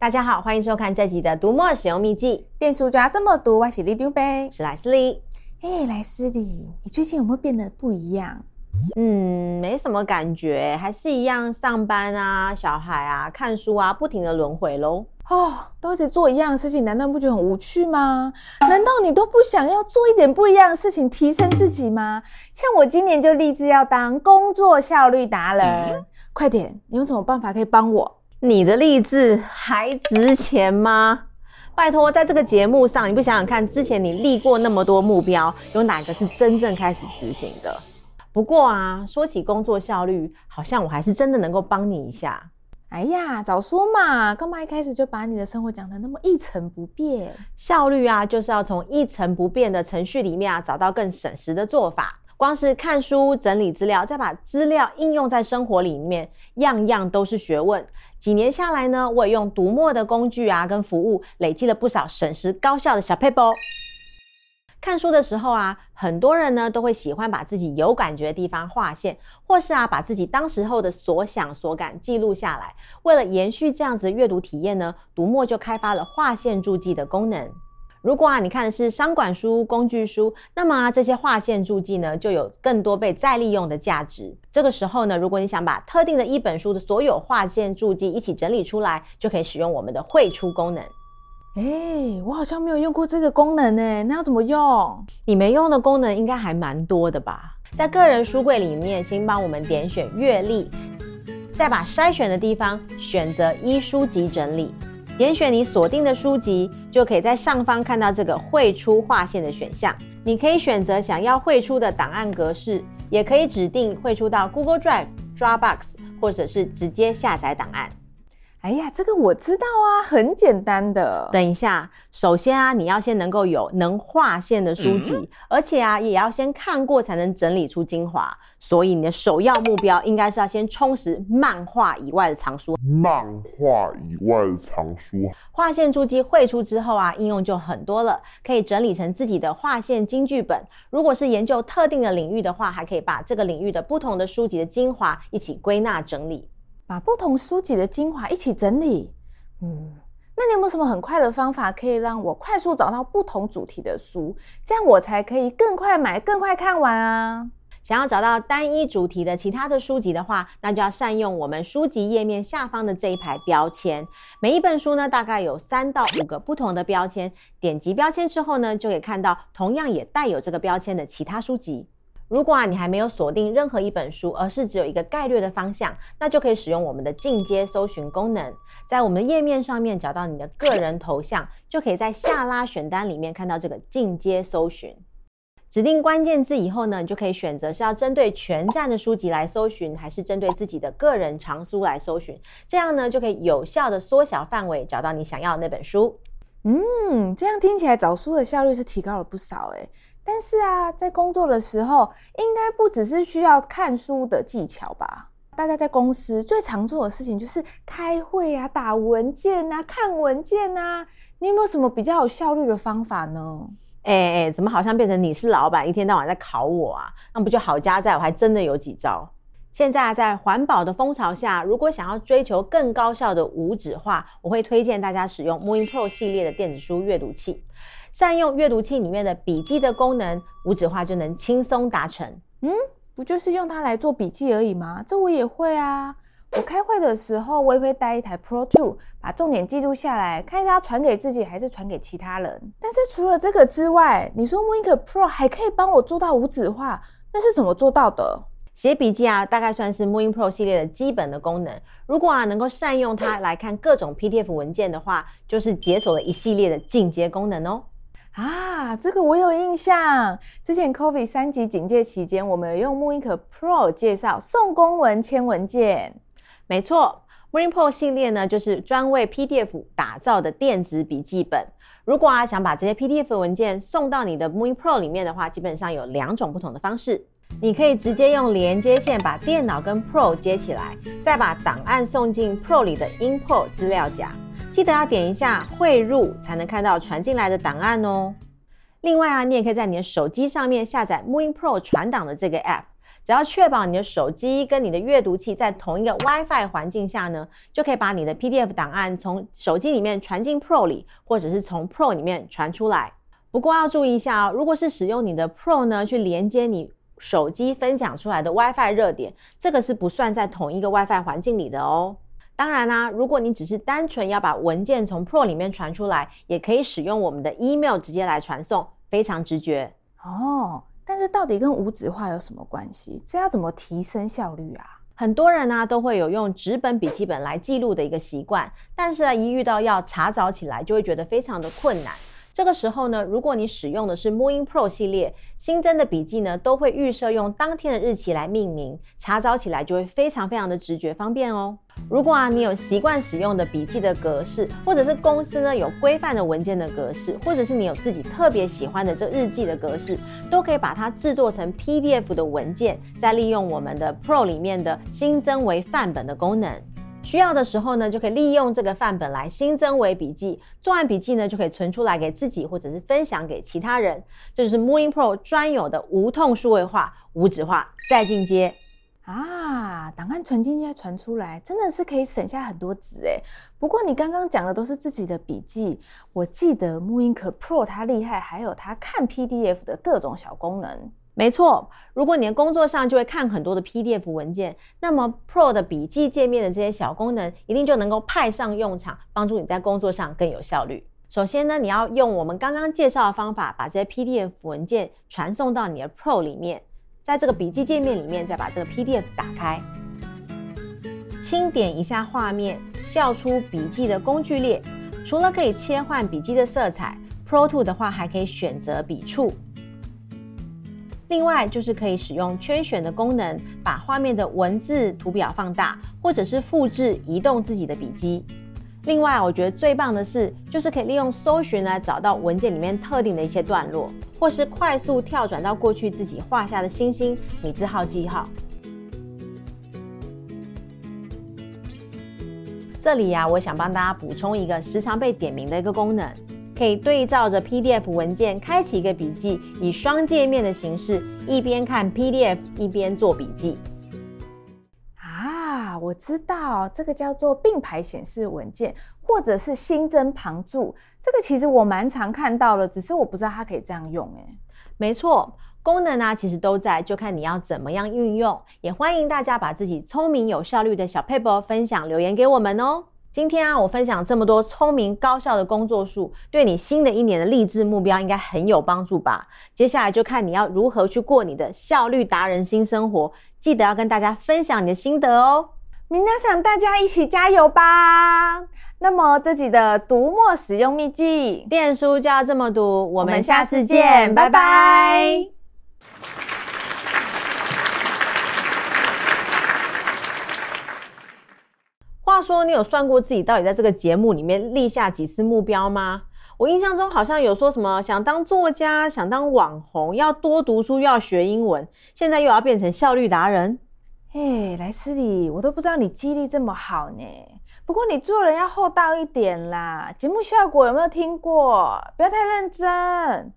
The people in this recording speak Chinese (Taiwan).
大家好，歡迎收看這集的《讀墨使用祕技》。電書就要這麼讀，我是里長伯，是萊斯里。誒，萊斯里，你最近有沒有變得不一樣？嗯，沒什麼感覺，還是一樣上班啊、小孩啊、看書啊，不停的輪回嘍。哦，都是做一樣的事情，難道不覺得很無趣嗎？難道你都不想要做一點不一樣的事情，提升自己嗎？像我今年就立志要當工作效率達人。嗯，快點，你有什麼辦法可以幫我？你的勵志還值錢嗎？拜託，在這個節目上，你不想想看，之前你立過那麼多目標，有哪個是真正開始執行的？不過啊，說起工作效率，好像我還是真的能夠幫你一下。哎呀，早說嘛，幹嘛一開始就把你的生活講得那麼一成不變？效率啊，就是要從一成不變的程序裡面啊，找到更省時的做法。光是看書、整理資料，再把資料應用在生活裡面，樣樣都是學問。幾年下來呢，我也用讀墨的工具啊，跟服務累積了不少省時高效的小撇步 看書的時候啊，很多人呢都會喜歡把自己有感覺的地方劃線，或是啊把自己當時候的所想所感記錄下來。為了延續這樣子的閱讀體驗呢，讀墨就開發了劃線註記的功能。如果啊，你看的是商管書、工具書，那麼啊，這些劃線注記呢，就有更多被再利用的價值。這個時候呢，如果你想把特定的一本書的所有劃線注記一起整理出來，就可以使用我們的匯出功能。哎、欸，我好像沒有用過這個功能呢、欸，那要怎麼用？你沒用的功能應該還蠻多的吧？在個人書櫃裡面，先幫我們點選閱歷，再把篩選的地方選擇依書籍整理。點選你鎖定的書籍，就可以在上方看到這個匯出劃線的選項。你可以選擇想要匯出的檔案格式，也可以指定匯出到 Google Drive、Dropbox，或者是直接下載檔案。哎呀，這個我知道啊，很簡單的。等一下，首先啊，你要先能夠有能劃線的書籍，嗯、而且啊，也要先看過才能整理出精華。所以你的首要目標應該是要先充實漫畫以外的藏書。漫畫以外的藏書，劃線註記匯出之後啊，應用就很多了，可以整理成自己的劃線金句本。如果是研究特定的領域的話，還可以把這個領域的不同的書籍的精華一起歸納整理。把不同書籍的精華一起整理，嗯，那你有沒有什麼很快的方法，可以讓我快速找到不同主題的書？這樣我才可以更快買、更快看完啊。想要找到單一主題的其他的書籍的話，那就要善用我們書籍頁面下方的這一排標籤。每一本書呢，大概有三到五個不同的標籤，點擊標籤之後呢，就可以看到同樣也帶有這個標籤的其他書籍。如果啊，你還沒有鎖定任何一本書，而是只有一個概略的方向，那就可以使用我們的進階搜尋功能，在我們的頁面上面找到你的個人頭像，就可以在下拉選單裡面看到這個進階搜尋。指定關鍵字以後呢，你就可以選擇是要針對全站的書籍來搜尋，還是針對自己的個人藏書來搜尋。這樣呢，就可以有效的縮小範圍，找到你想要的那本書。嗯，這樣聽起來找書的效率是提高了不少誒。但是啊，在工作的時候，應該不只是需要看書的技巧吧？大家在公司最常做的事情就是開會啊、打文件啊、看文件啊。你有沒有什麼比較有效率的方法呢？哎哎，怎麼好像變成你是老板，一天到晚在考我啊？那不就好佳哉，我還真的有幾招。現在在環保的風潮下，如果想要追求更高效的無紙化，我會推薦大家使用 mooInk Pro 系列的電子書閱讀器。善用閱讀器裡面的筆記的功能，無紙化就能輕鬆達成。嗯，不就是用它來做筆記而已嗎？這我也會啊。我開會的時候，我也會帶一台 Pro 2，把重點記錄下來看一下，要傳給自己還是傳給其他人。但是除了這個之外，你說 mooInk Pro 還可以幫我做到無紙化，那是怎麼做到的？寫筆記啊，大概算是 mooInk Pro 系列的基本的功能。如果啊能夠善用它來看各種 PDF 文件的話，就是解鎖了一系列的進階功能哦。啊，這個我有印象。之前 COVID 三級警戒期間，我們有用 mooInk Pro 介紹送公文、簽文件。沒錯，mooInk Pro 系列呢，就是專為 PDF 打造的電子筆記本。如果啊想把這些 PDF 文件送到你的 mooInk Pro 裡面的話，基本上有兩種不同的方式。你可以直接用連接線把電腦跟 Pro 接起來，再把檔案送進 Pro 裡的 import 資料夾。記得要點一下匯入，才能看到傳進來的檔案哦。另外啊，你也可以在你的手機上面下載 mooInk Pro 傳檔的這個 app。只要確保你的手機跟你的閱讀器在同一個 WiFi 環境下呢，就可以把你的 PDF 檔案從手機裡面傳進 Pro 裡，或者是從 Pro 裡面傳出來。不過要注意一下哦，如果是使用你的 Pro 呢，去連接你手機分享出來的 WiFi 熱點，這個是不算在同一個 WiFi 環境裡的哦。當然啦、啊，如果你只是單純要把文件從 Pro 裡面傳出來，也可以使用我們的 email 直接來傳送，非常直覺哦。但是到底跟無紙化有什麼關係？這要怎麼提升效率啊？很多人呢、啊，都會有用紙本筆記本來記錄的一個習慣，但是啊，一遇到要查找起來，就會覺得非常的困難。這個時候呢，如果你使用的是 mooInk Pro 系列，新增的筆記呢，都會預設用當天的日期來命名，查找起來就會非常非常的直覺方便哦。如果啊你有習慣使用的筆記的格式，或者是公司呢有規範的文件的格式，或者是你有自己特別喜歡的這日記的格式，都可以把它製作成 PDF 的文件，再利用我們的 Pro 裡面的新增為範本的功能。需要的時候呢，就可以利用這個範本來新增為筆記，做完筆記呢，就可以存出來給自己，或者是分享給其他人。這就是 mooInk Pro 專有的無痛數位化、無紙化再進階啊！檔案存進再傳出來，真的是可以省下很多紙哎。不過你剛剛講的都是自己的筆記，我記得 mooInk Pro 它厲害，還有它看 PDF 的各種小功能。沒錯，如果你的工作上就會看很多的 PDF 文件，那麼 Pro 的筆記界面的這些小功能，一定就能夠派上用場，幫助你在工作上更有效率。首先呢，你要用我們剛剛介紹的方法，把這些 PDF 文件傳送到你的 Pro 裡面，在這個筆記界面裡面，再把這個 PDF 打開，輕點一下畫面，叫出筆記的工具列。除了可以切換筆記的色彩，Pro Two 的話還可以選擇筆觸。另外就是可以使用圈選的功能，把畫面的文字、圖表放大，或者是複製、移動自己的筆記。另外，我覺得最棒的是，就是可以利用搜尋來找到文件裡面特定的一些段落，或是快速跳轉到過去自己畫下的星星、米字號記號。這裡呀、啊，我想幫大家補充一個時常被點名的一個功能。可以對照着 PDF 文件開啟一個筆記，以雙界面的形式，一邊看 PDF，一邊做筆記。啊，我知道這個叫做並排顯示文件，或者是新增旁注。這個其實我蠻常看到了，只是我不知道它可以這樣用。哎，沒錯，功能呢、啊、其實都在，就看你要怎麼樣運用。也歡迎大家把自己聰明有效率的小撇步分享留言給我們哦。.今天啊，我分享這麼多聰明高效的工作術，對你新的一年的勵志目標應該很有幫助吧？接下來就看你要如何去過你的效率達人新生活，記得要跟大家分享你的心得哦！明天想大家一起加油吧！那麼這集的讀墨使用祕技，電書就要這麼讀，我們下次見，次見拜拜。拜拜他說你有算過自己到底在這個節目裡面立下幾次目標嗎？我印象中好像有說什麼想當作家、想當網紅、要多讀書、又要學英文，現在又要變成效率達人。嘿，萊斯里，我都不知道你記憶力這麼好呢。不過你做人要厚道一點啦，節目效果有沒有聽過？不要太認真。